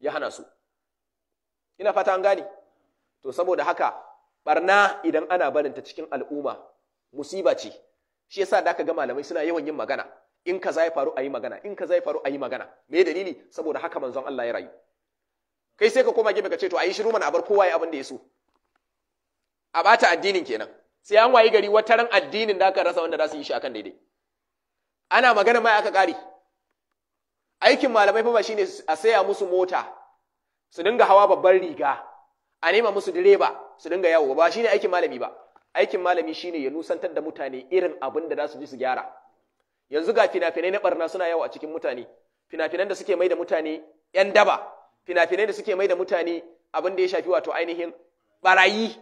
ya hana su ina fata an gane to saboda haka barna idan ana barinta cikin al'umma musiba ce shi yasa da aka ga malamai suna yawan yin magana in ka zai faru ayi magana in ka zai faru ayi magana me dalili saboda haka manzon Allah ya rayu kai sai ka koma gefe ka ce to ayi shiru mana abar kowa ya abin da ya so a bata addinin kenan sai an wayi gari wataran addinin da aka rasa wanda za su yi shi akan daidai ana magana mai aka kare aikin malamai fa ba shine a saya musu mota su dinga hawa babban riga a nema musu direba su dinga yawo ba shine aikin malami ba aikin malami shine ya nusantar da mutane irin abin da za su ji su gyara yanzu ga fina-finai na barna suna yawo a cikin mutane fina-finan da suke mai da mutane yan daba fina-finai da suke mai da mutane abin da ya shafi wato ainihin barayi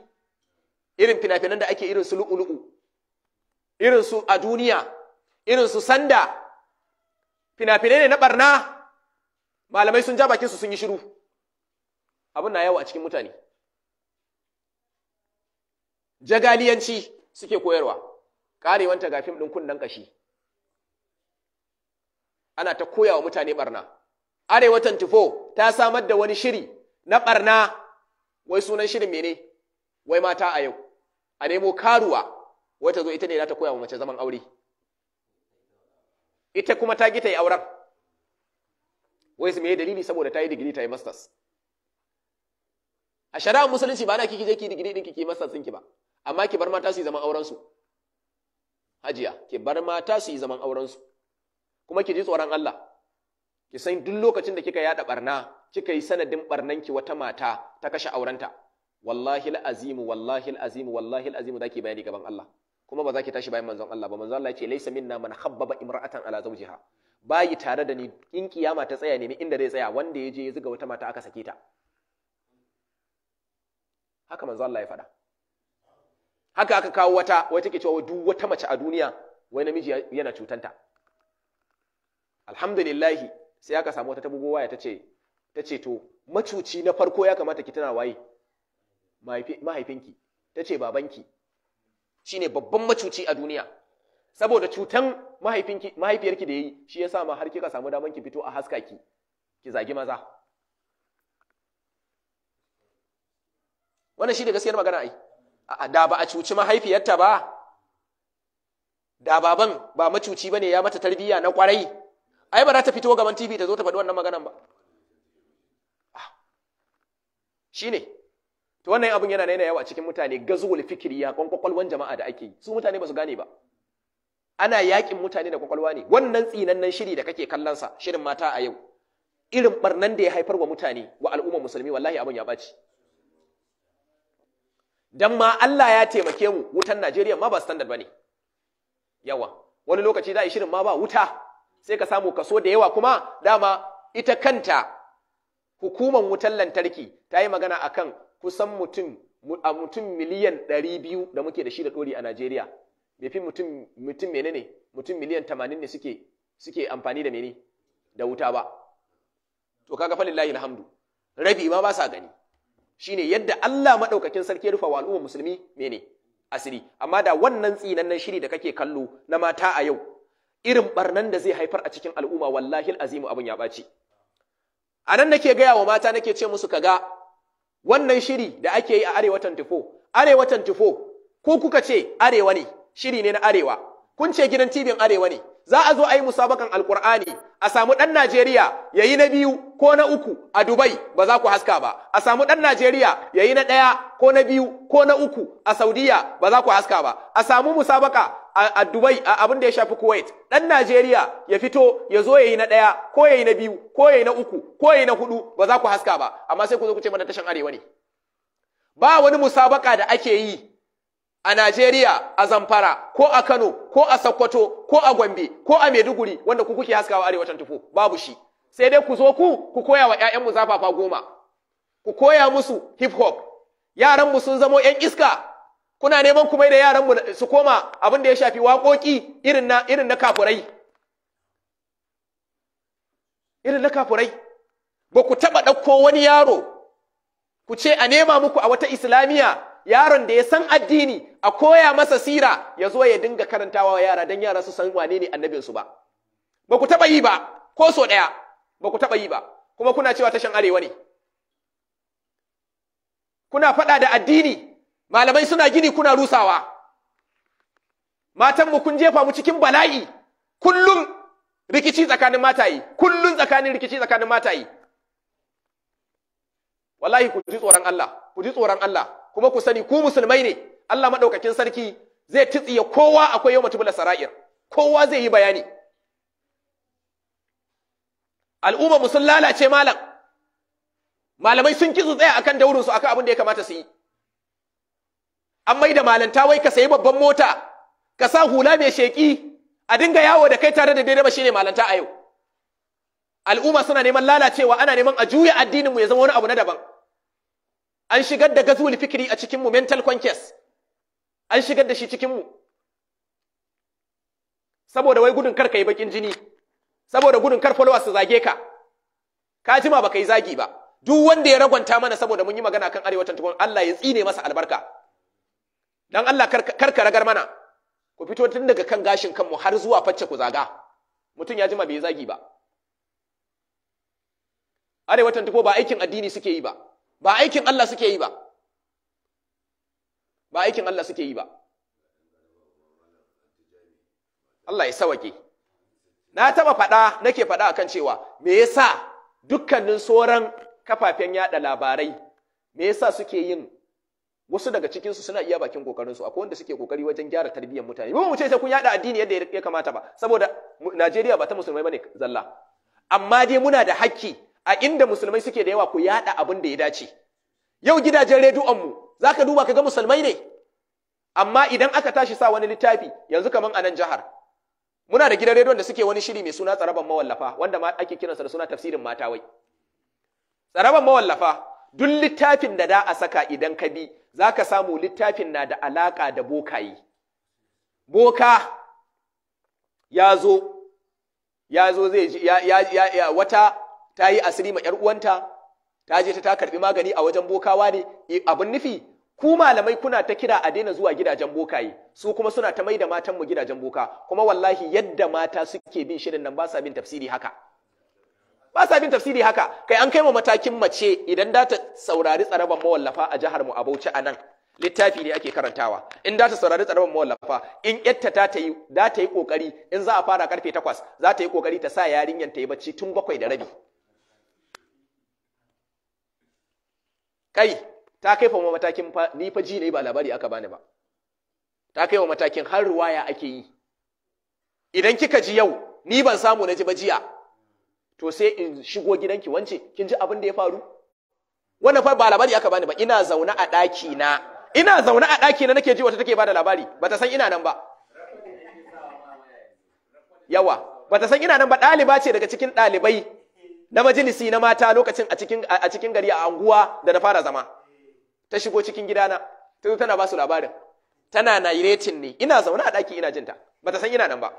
irin fina-finan da ake irin su lu'ulu'u irin su a duniya irin su sanda fina-finai ne na barna malamai sun ja bakinsu sun yi shiru abin na yawa a cikin mutane jagaliyanci suke koyarwa karewanta ga fim ɗin kunnen ƙashi ana ta koya wa mutane barna arewa 24 ta samar da wani shiri na barna wai sunan shirin mene wai mata a yau a nemo karuwa wata zo ita ne za ta koya wa mace zaman aure ita kuma ta gita yi auren wai su mai dalili saboda ta yi digiri ta yi masters a shari'ar musulunci ba na kiki je ki digiri dinki ki masters ɗinki ba amma ki bar mata su yi zaman auren hajiya ki bar mata su yi zaman auren su kuma ki ji tsoron Allah ki san duk lokacin da kika yada barna kika yi sanadin barnan ki wata mata ta kashe aurenta wallahi al-azimu wallahi al wallahi al-azimu zaki bayani gaban Allah kuma ba za ki tashi bayan manzon Allah ba manzon Allah yace ce laysa minna man khabbaba imra'atan ala zawjiha bayi tare da ni in kiyama ta tsaya nemi inda zai tsaya wanda ya je ya zuga wata mata aka sake ta haka manzon Allah ya faɗa haka aka kawo wata wai take cewa duk wata mace a duniya wai namiji yana cutanta alhamdulillah sai aka samu wata tabugo waya tace tace to macuci na farko ya kamata ki tana waye mahaifinki tace babanki Shi ne babban macuci a duniya saboda cutan mahaifiyarki da ya yi shi sa ma har kika samu daman ki fito a haska ki ki zagi maza wannan shi da gaskiyar magana ai da ba a cuci mahaifiyarta ba da baban ba macuci ba ne ya mata tarbiyya na kwarai ai ba za ta fito gaban TV ta zo ta faɗi wannan maganan ba ah, Shi ne. to wannan abin yana yana yawa cikin mutane gazul fikiri ya kwakwalwan jama'a da ake yi su mutane ba su gane ba ana yakin mutane da kwakwalwa ne wannan tsinannen shiri da kake kallon sa shirin mata a yau irin barnan da ya haifar wa mutane wa al'ummar musulmi wallahi abin ya baci dan ma Allah ya taimake mu wutan Najeriya ma ba standard bane yawa wani lokaci za a yi shirin ma ba wuta sai ka samu kaso da yawa kuma dama ita kanta hukumar wutan lantarki ta yi magana akan kusan mutum a mutum miliyan 200 da muke da shi da dori a Najeriya bai fi mutum mene menene mutum miliyan 80 ne suke amfani da mene da wuta ba to kaga falin lillahi alhamdu rabi ma ba sa gani ne yadda Allah madaukakin sarki ya rufa wa al'umma musulmi mene asiri amma da wannan nan shiri da kake kallo na mata a yau irin ɓarnan da zai haifar a cikin al'umma wallahi alazimu abin ya baci a nan nake gaya wa mata nake ce musu ka ga. wannan shiri da ake yi a arewa 24 arewa 24 ko kuka ce arewa ne shiri ne na arewa kun ce gidan tibin arewa ne za a zo a yi musabakan alkur'ani a samu ɗan Najeriya ya yi na biyu ko na uku a Dubai ba za ku haska ba a samu ɗan Najeriya ya yi na ɗaya ko na biyu ko na uku a Saudiya ba za ku haska ba a samu musabaka a Dubai a abin da ya shafi Kuwait ɗan Najeriya ya fito ya zo ya yi na ɗaya ko ya yi na biyu ko ya yi na uku ko ya yi na hudu ba za ku haska ba amma sai ku zo ku ce mana tashan arewa ne ba wani musabaka da ake yi a Najeriya a Zamfara ko a Kano ko a Sokoto ko a Gombe ko a Maiduguri wanda ku kuke haskawa arewacin tufo babu shi sai dai ku zo ku ku koya wa ƴaƴan mu zafafa goma ku koya musu hip hop yaran mu sun zamo ƴan iska kuna neman ku mai da yaran mu su koma abin da ya shafi waƙoƙi irin na irin na kafurai irin na kafurai ba ku taɓa ɗauko wani yaro ku ce a nema muku a wata islamiyya yaron da ya san addini a koya masa sira ya zo ya dinga karantawa wa yara don yara su san wane ne annabinsu ba ba ku taɓa yi ba ko so ɗaya ba ku taɓa yi ba kuma kuna cewa tashan arewa ne kuna faɗa da addini malamai suna gini kuna rusawa matanmu kun jefa mu cikin bala'i kullum rikici tsakanin mataye kullum tsakanin rikici tsakanin mataye wallahi ku ji tsoron Allah ku ji tsoron Allah kuma ku sani ku musulmai ne Allah maɗaukakin sarki zai titsiye kowa akwai yau mutum sara'ir kowa zai yi bayani al'umma musul lalace malam malamai sun kitso tsaya akan daurin su akan abin da ya kamata su yi an mai da malanta wai ka sayi babban mota ka sa hula mai sheki a dinga yawo da kai tare da daidai ba shine malanta a yau al'umma suna neman lalacewa ana neman a juya addinin mu ya zama wani abu na daban an shigar da gazul fikiri a cikin mu mental conscious an shigar da shi cikin mu saboda wai gudun kar kai bakin jini saboda gudun kar followers su zage ka ka jima baka yi zagi ba duk wanda ya ragwanta mana saboda mun yi magana kan arewacin tukun Allah ya tsine masa albarka dan Allah kar ka ragar mana ku fito tun daga kan gashin kanmu har zuwa facce ku zaga mutum ya jima bai zagi ba arewacin tukun ba aikin addini suke yi ba ba aikin Allah suke yi ba ba aikin Allah suke yi ba Allah ya sawake na taba faɗa nake faɗa akan cewa me yasa dukkanin sauran kafafen yada labarai me yasa suke yin wasu daga cikinsu suna iya bakin su akwai wanda suke kokari wajen gyara tarbiyyar mutane ba mu ce ta kun yada addini yadda ya kamata ba saboda Najeriya ba ta musulmai bane zalla amma dai muna da haƙƙi a inda musulmai suke da yawa ku yada abin da ya dace yau gidajen rediyon mu za ka duba ka ga musulmai ne amma idan aka tashi sa wani littafi yanzu kaman a nan jihar muna da gidan rediyon da suke wani shiri mai suna tsaraban mawallafa wanda ma ake kiransa da suna tafsirin mata wai tsaraban mawallafa duk littafin da da a saka idan ka bi za ka samu littafin na da alaka da bokayi boka ya zo ya zo zai ya, ya, ya, ya wata ta yi asiri ma 'yar uwanta ta je ta karɓi magani a wajen bokawa ne e, abin nufi ku malamai kuna ta kira a daina zuwa gidajen bokaye su kuma suna ta maida matan mu gidajen boka kuma wallahi yadda mata suke bin shirin nan ba sa bin tafsiri haka ba sa bin tafsiri haka kai an kai mu matakin mace idan da ta saurari tsaraban mawallafa a jihar mu a Bauchi a nan littafi ne ake karantawa in da ta saurari tsaraban mawallafa in yatta ta ta yi da ta yi kokari in za a fara karfe takwas, za ta yi kokari ta sa yarinyar ta yi bacci tun bakwai da rabi kai ta kai fa matakin ni fa ji ne ba labari aka bani ba ta kai wa matakin har ruwaya ake yi idan kika ji yau ni ban samu na ji ba jiya to sai in shigo gidanki wance kin ji abin da ya faru wannan fa ba labari aka bani ba ina zaune a daki na ina zaune a daki na nake ji wata take bada labari bata san ina nan ba yawa bata san ina nan ba ɗaliba ce daga cikin ɗalibai na majalisi na mata lokacin a cikin gari a anguwa da na fara zama ta shigo cikin gidana ta zo tana ba su labarin tana na iretin ne ina zaune a daki ina jinta bata san ina nan ba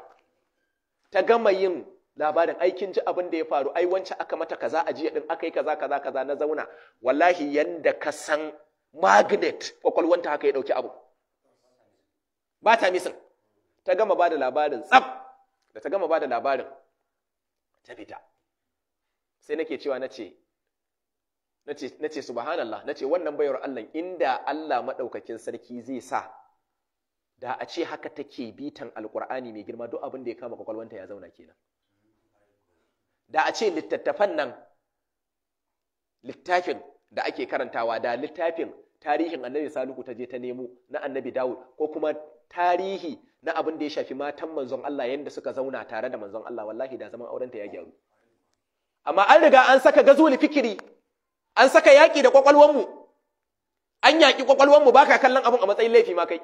ta gama yin labarin aikin ji abin da ya faru ai wancan aka mata kaza a jiya din aka yi kaza kaza kaza na zauna wallahi yanda ka san magnet ta haka ya ɗauki abu ba ta misin ta gama ba da labarin tsaf da ta gama ba da labarin ta fita sai nake cewa nace nace nace subhanallah nace wannan bayar Allah inda Allah madaukakin sarki zai sa da a ce haka take bitan alkur'ani mai girma duk abin da ya kama kwakwalwanta ya zauna kenan da a ce littattafan nan littafin da ake karantawa da littafin tarihin annabi salihu ta je ta nemo na annabi dawud ko kuma tarihi na abin da ya shafi matan manzon Allah yadda suka zauna tare da manzon Allah wallahi da zaman aurenta ya gyaru amma an riga an saka gazuli fikiri an saka yaƙi da ƙwaƙwalwanmu an yaƙi kwakwalwanmu baka kallon abun a matsayin laifi ma kai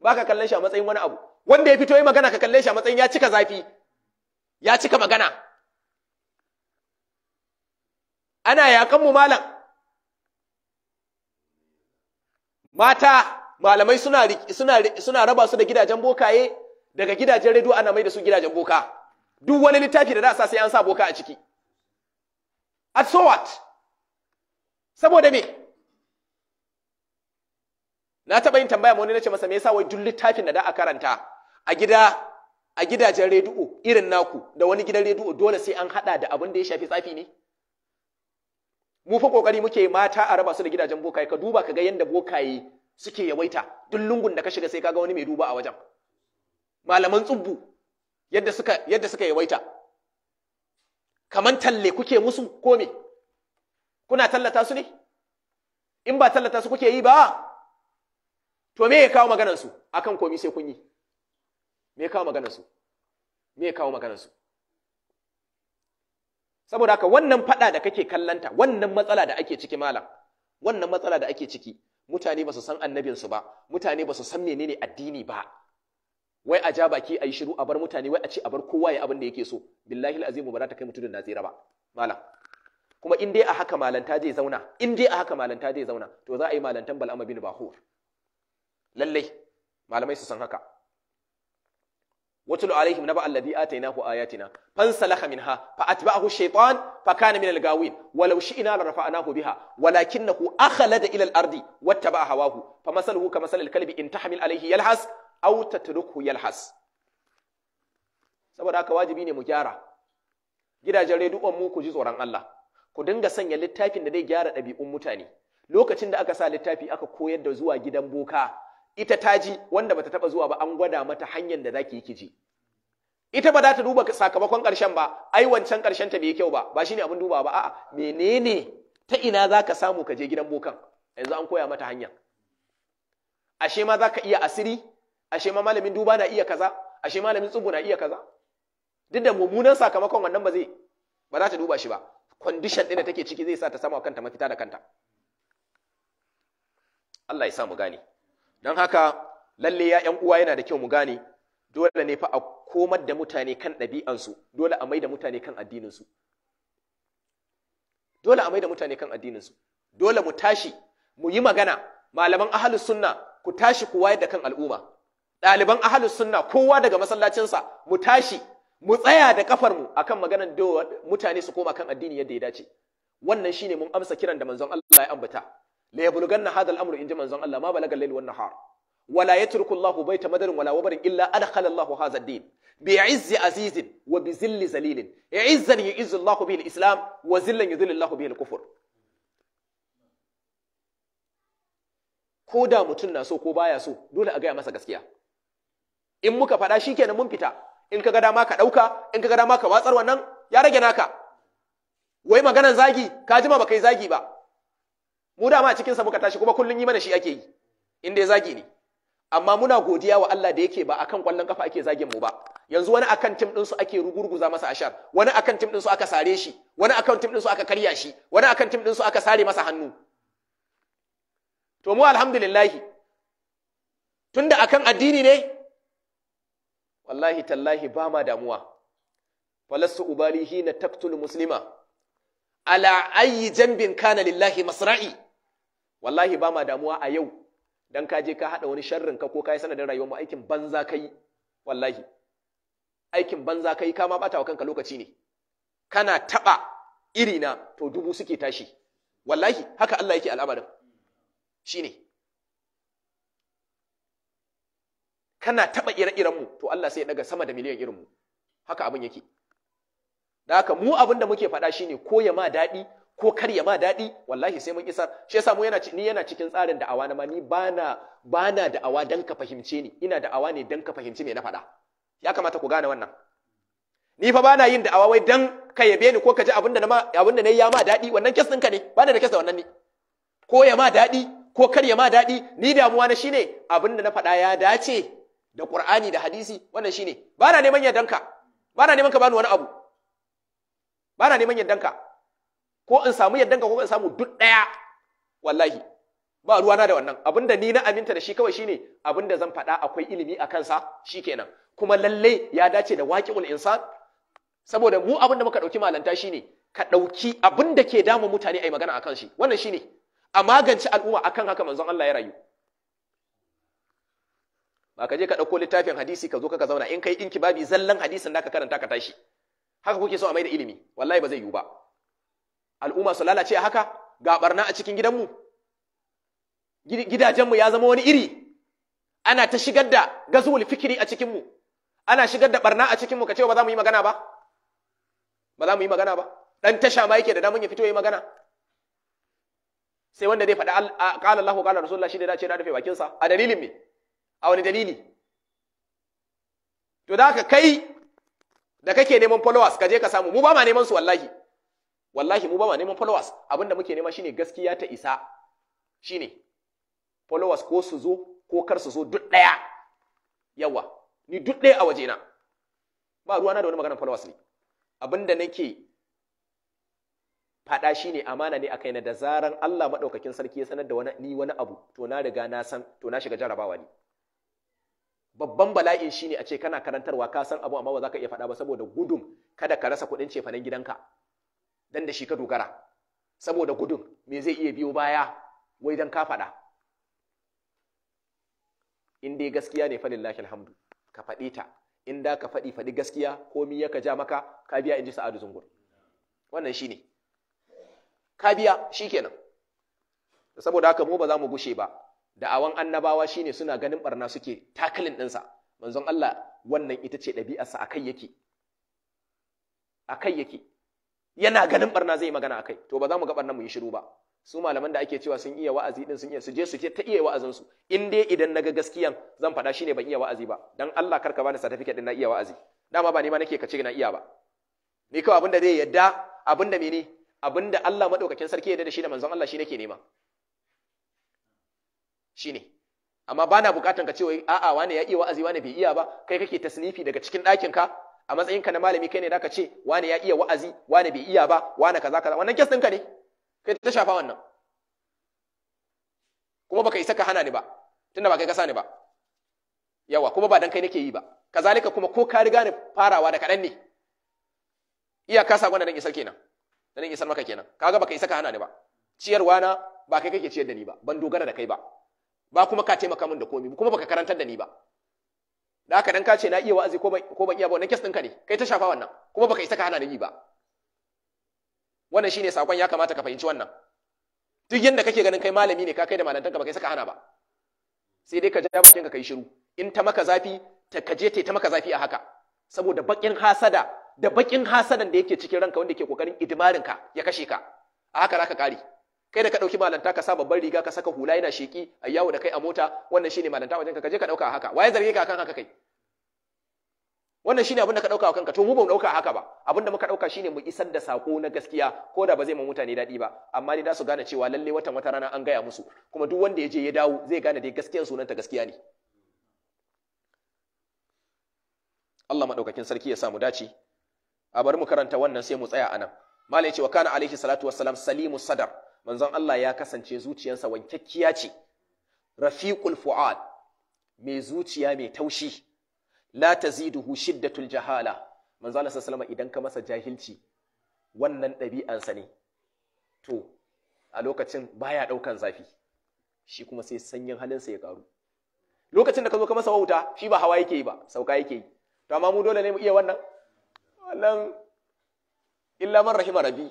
baka kallon shi a matsayin wani abu wanda ya fito yi magana ka kalle shi a matsayin ya cika zafi ya cika magana ana yaƙanmu mu malam mata malamai suna suna suna raba su da gidajen bokaye daga gidajen rediyo ana mai da su gidajen boka duk wani littafi da za a sa sai an sa boka a ciki at so what saboda me na taɓa yin tambaya ma wani na ce masa me yasa wai duk littafin da da a karanta a gida a gidajen rediyo irin naku da wani gidan rediyo dole sai an hada da abin da ya shafi tsafi ne mu fa kokari muke mata a raba su da gidajen bokaye ka duba ka ga yadda bokaye suke yawaita duk lungun da ka shiga sai ka ga wani mai duba a wajen malaman tsubbu yadda suka yadda suka yawaita kaman talle kuke musu kome, me kuna tallata su ne in ba tallata su kuke yi ba to me ya kawo maganansu A kan komi sai kun yi me ya kawo maganansu? me ya kawo maganansu? saboda haka wannan fada da kake kallanta wannan matsala da ake ciki malam wannan matsala da ake ciki mutane ba su san annabinsu ba mutane ba su san menene addini ba wai a ja baki a yi shiru a bar mutane wai a ce a bar kowa ya abin da yake so billahi alazim ba za ta kai mutum da tsira ba malam kuma in dai a haka malanta zai zauna in dai a haka malanta zai zauna to za a yi malantan bal'ama bin bahur lallai malamai su san haka watulu alaihim naba alladhi atainahu ayatina fansalaha minha fa atba'ahu shaytan fa kana min al-gawin walau shi'na la rafa'nahu biha walakinahu akhlada ila al-ardi wattaba'a hawahu fa masaluhu ka al-kalbi in tahmil alayhi yalhas Auta tatruku yalhas saboda aka wajibi ne mu gyara gidajen rediyon mu ku ji tsoron Allah ku dinga sanya littafin da zai gyara ɗabi'un mutane lokacin da aka sa littafi aka koyar da zuwa gidan boka ita ta ji wanda bata taba zuwa ba an gwada mata hanyar da zaki yi kiji ita ba za ta duba sakamakon ƙarshen ba ai wancan ƙarshen ta bai kyau ba ba shine abin duba ba a'a menene ta ina zaka samu ka je gidan bokan yanzu an koya mata hanya ashe ma zaka iya asiri ashe ma malamin duba na iya kaza ashe malamin tsubu na iya kaza duk da mummunan sakamakon wannan ba zai ba za ta duba shi ba condition din da take ciki zai sa ta sama kanta mafita da kanta Allah ya sa mu gane don haka lalle ya ƴan uwa yana da kyau mu gane dole ne fa a komar da mutane kan ɗabi'ansu dole a maida mutane kan addininsu dole a maida mutane kan addininsu dole mu tashi mu yi magana malaman ahlus sunna ku tashi ku wayar da kan al'umma ɗaliban ahalus sunna kowa daga masallacinsa mu tashi mu tsaya da kafar mu akan maganar da mutane su koma kan addini yadda ya dace wannan shine mun amsa kiran da manzon Allah ya ambata la yablughanna hadha al-amru inji manzon Allah ma balaga al-layl wan nahar wala yatruku Allah baita madarin wala wabarin illa adkhala Allah hadha ad-din bi'izzi azizin wa bizilli zalilin izzan yu'izzu Allah bihi al-islam wa zillan yudhillu Allah bihi al-kufr ko da mutum na so ko baya so dole a gaya masa gaskiya in muka faɗa shi kenan mun fita in ka ga dama ka ɗauka in ka ga dama ka watsar wannan ya rage naka wai maganan zagi ka jima ba kai zagi ba mu dama a cikinsa muka tashi kuma kullum yi mana shi ake yi in dai zagi ne amma muna godiya wa Allah da yake ba akan kwallon kafa ake zagin mu ba yanzu wani akan tim ɗinsu ake rugurguza masa ashar wani akan tim ɗinsu aka sare shi wani akan tim ɗinsu aka karya shi wani akan tim su aka sare masa hannu to mu alhamdulillahi tunda akan addini ne wallahi tallahi ba ma damuwa falastu ubalihi na taktul muslima ala ayi jambin kana lillahi masra'i wallahi ba ma damuwa a yau dan ka je ka hada wani sharrin ka ko ka yi sanadin rayuwar mu aikin banza kai wallahi aikin banza kai ka ma bata wa kanka lokaci ne kana taba irina to dubu suke tashi wallahi haka Allah yake al'amarin shine kana taɓa ire-iren mu to Allah sai ya daga sama da miliyan irin mu haka abin yake da haka mu abin da muke faɗa shine ko ya ma daɗi ko kar ya ma daɗi wallahi sai mun isar shi yasa mu yana ni yana cikin tsarin da'awa na ma ni bana bana da'awa dan ka fahimce ni ina da'awa ne dan ka fahimci me na faɗa ya kamata ku gane wannan ni fa bana yin da'awa wai dan ka yabe ni ko ka ji abin da na ma abin da ya ma daɗi wannan kes ɗinka ne bana da kes da wannan ne ko ya ma daɗi ko kar ya ma daɗi ni damuwa na shine abin da na faɗa ya dace da Qur'ani da hadisi wannan shine ba na neman yardanka ba na neman ka bani wani abu ba na neman yardanka ko in samu yardanka ko in samu duk daya wallahi ba ruwana da wannan abinda ni na aminta da shi kawai shine abinda zan faɗa akwai ilimi a kansa shikenan kuma lalle ya dace da waqi'ul insan saboda mu abinda muka dauki malanta shine ka dauki abinda ke damu mutane ai magana akan shi wannan shine a magance al'umma akan haka manzon Allah ya rayu ba ka je ka ɗauko littafin hadisi ka zo ka zauna in kai inki babi zallan hadisin da ka karanta ka tashi haka kuke so a mai da ilimi wallahi ba zai yiwu ba al'umma su lalace a haka ga barna a cikin gidanmu gidajenmu ya zama wani iri ana ta shigar da gazul fikiri a cikinmu ana shigar da barna a cikinmu ka ce ba za mu yi magana ba ba za mu yi magana ba dan tasha ma yake da damun ya fito yi magana sai wanda zai faɗa qala Allahu qala rasulullah shi da dace na rufe bakinsa a dalilin me a wani dalili to da ka kai da kake neman followers ka je ka samu mu ba ma neman su wallahi wallahi mu ba ma neman followers abinda muke nema shine gaskiya ta isa shine followers ko su zo ko kar su zo duk daya yawa ni duk daya a na. ba ruwa na da wani maganar followers ne abinda nake faɗa shi ne amana ne a na, da zaran Allah maɗaukakin sarki ya sanar da ni wani abu to na riga na san to na shiga jarabawa ne babban bala'in shine a ce kana karantarwa ka san abu amma ba za ka iya faɗa ba saboda gudun kada ka rasa kuɗin cefanen gidanka dan da shi ka dogara saboda gudun me zai iya biyo baya wai dan ka faɗa in dai gaskiya ne falillahi alhamdu ka faɗi ta in da ka faɗi faɗi gaskiya komi ya ka ja maka ka biya in ji sa'adu zungur wannan shine ka biya shikenan saboda haka mu ba za mu gushe ba da'awan annabawa shine suna ganin barna suke takalin ɗinsa manzon Allah wannan ita ce ɗabi'arsa kai yake A kai yake yana ganin barna zai magana a kai. to ba za mu ga barna mu yi shiru ba su malaman da ake cewa sun iya wa'azi din sun iya su je su ta iya wa'azin su in dai idan naga gaskiyan zan faɗa shine ban iya wa'azi ba dan Allah karka bani certificate din na iya wa'azi dama ba ni ma nake kace na iya ba ni kawai abinda zai yadda abinda mene abinda Allah madaukakin sarki ya dade da shi da manzon Allah shi nake nema shine amma ba na bukatan ka cewa a'a wani ya iya wa'azi wani bai iya ba kai kake tasnifi daga cikin ɗakin ka a matsayin ka na malami kai ne da ka ce wani ya iya wa'azi wani bai iya ba wani kaza kaza wannan kes ɗinka ne kai ta shafa wannan kuma baka isa ka hana ni ba tunda ba kai ka sa ni ba yawa kuma ba dan kai nake yi ba kazalika kuma ko ka riga ni farawa da kaɗan ne ka sakon da nan isar kenan da nan isar maka kenan kaga baka isa ka hana ni ba ciyarwa na ba kai kake ciyar da ni ba ban dogara da kai ba ba kuma ka taimaka min da komi kuma baka karantar da ni ba da haka dan ka ce na iya wa'azi ko ban ko ban iya ba wannan kes ɗinka ne kai ta shafa wannan kuma baka isa ka hana ni ba wannan shine sakon ya kamata ka fahimci wannan duk yanda kake ganin kai malami ne ka kai da malantanka baka isa ka hana ba sai dai ka ja bakin ka kai shiru in ta maka zafi ta kaje ta ta maka zafi a haka saboda bakin hasada da bakin hasadan da yake cikin ranka wanda yake kokarin idmarin ka ya kashe ka a haka zaka kare kai da ka dauki malanta ka sa babban riga ka saka hula yana sheki a yawo da kai a mota wannan shine malanta wajen ka je ka dauka haka waye zarge ka akan haka kai wannan shine abin da ka dauka kanka to mu ba mu dauka haka ba abin da muka dauka shine mu isar da sako na gaskiya ko da ba zai ma mutane dadi ba amma dai da su gane cewa lalle watan wata rana an gaya musu kuma duk wanda ya je ya dawo zai gane dai gaskiyar sunanta gaskiya ne Allah madaukakin sarki ya sa mu dace a bari mu karanta wannan sai mu tsaya anan malai wa kana alaihi salatu wassalam salimu sadar manzon Allah ya kasance zuciyarsa wankyakkiya ce rafiqul fuad mai zuciya mai taushi la taziduhu shiddatul jahala manzon Allah sallallahu alaihi idan ka masa jahilci wannan ɗabi'ansa ne to a lokacin baya ɗaukan zafi shi kuma sai sanyin halinsa ya karu lokacin da ka zo ka masa wauta shi ba hawa yake yi ba sauka yake yi to amma mu dole ne mu iya wannan wannan illa man rahima rabbi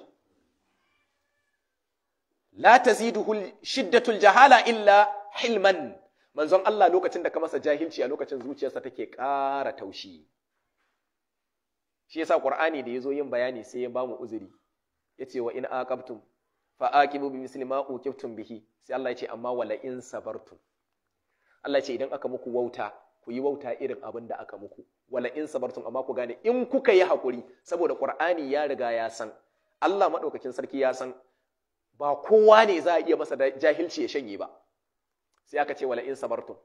la taziduhu shiddatul jahala illa hilman manzon Allah lokacin da ka masa jahilci a lokacin zuciyarsa take ƙara taushi shi yasa qur'ani da yazo yin bayani sai ya bamu uzuri yace wa in aqabtum fa aqibu bi misli ma uqibtum bihi sai Allah yace amma wala in sabartum Allah yace idan aka muku wauta ku yi wauta irin abin da aka muku wala in sabartum amma ku gane in kuka yi hakuri saboda qur'ani ya riga ya san Allah madaukakin sarki ya san ba kowa ne za a iya masa jahilci ya shanye ba sai aka ce wala in sabartum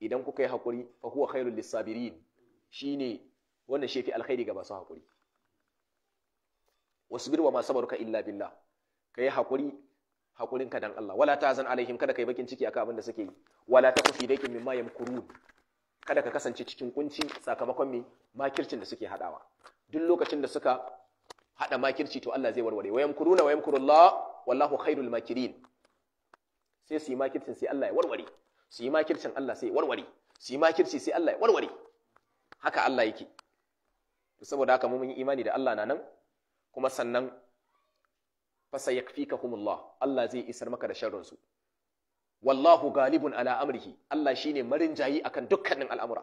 idan kuka yi hakuri fa huwa khairul lisabirin shine wannan shefi alkhairi ga masu hakuri wasbir wa ma sabaruka illa billah kai hakuri hakurin ka dan Allah wala ta'zan alaihim kada kai bakin ciki akan abin da suke yi wala taku dakin daikin mimma yamkurun kada ka kasance cikin kunci sakamakon me makircin da suke hadawa duk lokacin da suka hada makirci to Allah zai warware wayamkuruna wayamkurullah wallahu khairul makirin sai su yi makircin sai Allah ya warware su yi makircin Allah sai ya warware su yi makirci sai Allah ya warware haka Allah yake saboda haka mun yi imani da Allah na nan kuma sannan fasa yakfikahumullah Allah zai isar maka da sharrin su wallahu galibun ala amrihi Allah shine marinjayi akan dukkanin al'amura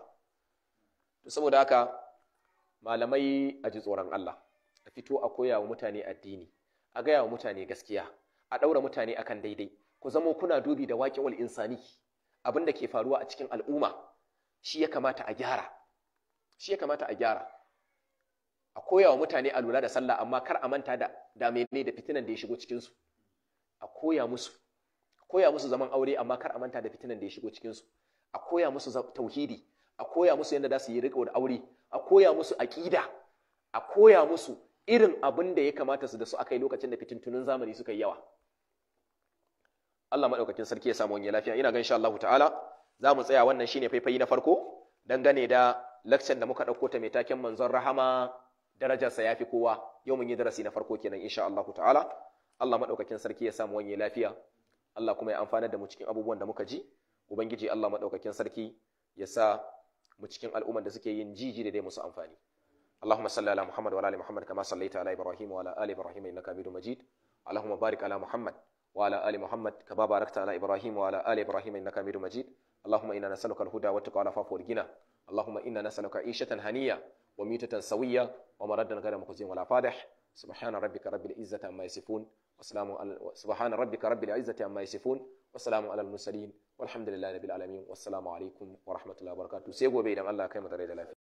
to saboda haka malamai a ji tsoron Allah a fito a koya wa mutane addini a gaya wa mutane gaskiya a ɗaura mutane akan daidai ku zamo kuna dubi da waƙe wal insani abin da ke faruwa a cikin al'umma shi ya kamata a gyara shi ya kamata a gyara a koya wa mutane a lura da sallah amma kar a manta da da menene da fitinan da ya shigo cikin su a koya musu koya musu zaman aure amma kar a manta da fitinan da ya shigo cikin su a koya musu tauhidi a koya musu yadda za su yi riƙo da aure a koya musu aqida a koya musu irin abin da ya kamata su da su aka yi lokacin da fitintunin zamani suka yi yawa Allah maɗaukakin sarki ya samu wani lafiya ina gan Allah ta'ala za mu tsaya wannan shine faifai na farko dangane da lakcin da muka ɗauko ta mai taken manzon rahama darajarsa ya fi kowa yau mun yi darasi na farko kenan insha Allah ta'ala Allah maɗaukakin sarki ya samu wani lafiya Allah kuma ya amfana da mu cikin abubuwan da muka ji ubangiji Allah maɗaukakin sarki ya sa mu cikin al'umman da suke yin jiji da dai musu amfani اللهم صل على محمد وعلى ال محمد كما صليت على ابراهيم وعلى ال ابراهيم انك حميد مجيد اللهم بارك على محمد وعلى ال محمد كما باركت على ابراهيم وعلى ال ابراهيم انك حميد مجيد اللهم انا نسالك الهدى والتقى والعفاف والغنى اللهم انا نسالك عيشه هنيه وميته سويه ومردا غير مخزي ولا فادح سبحان ربك رب العزه عما يصفون وسلام على سبحان ربك رب العزه عما يصفون وسلام على المرسلين والحمد لله رب العالمين والسلام عليكم ورحمه الله وبركاته sai gobe idan Allah ya kai mu da lafiya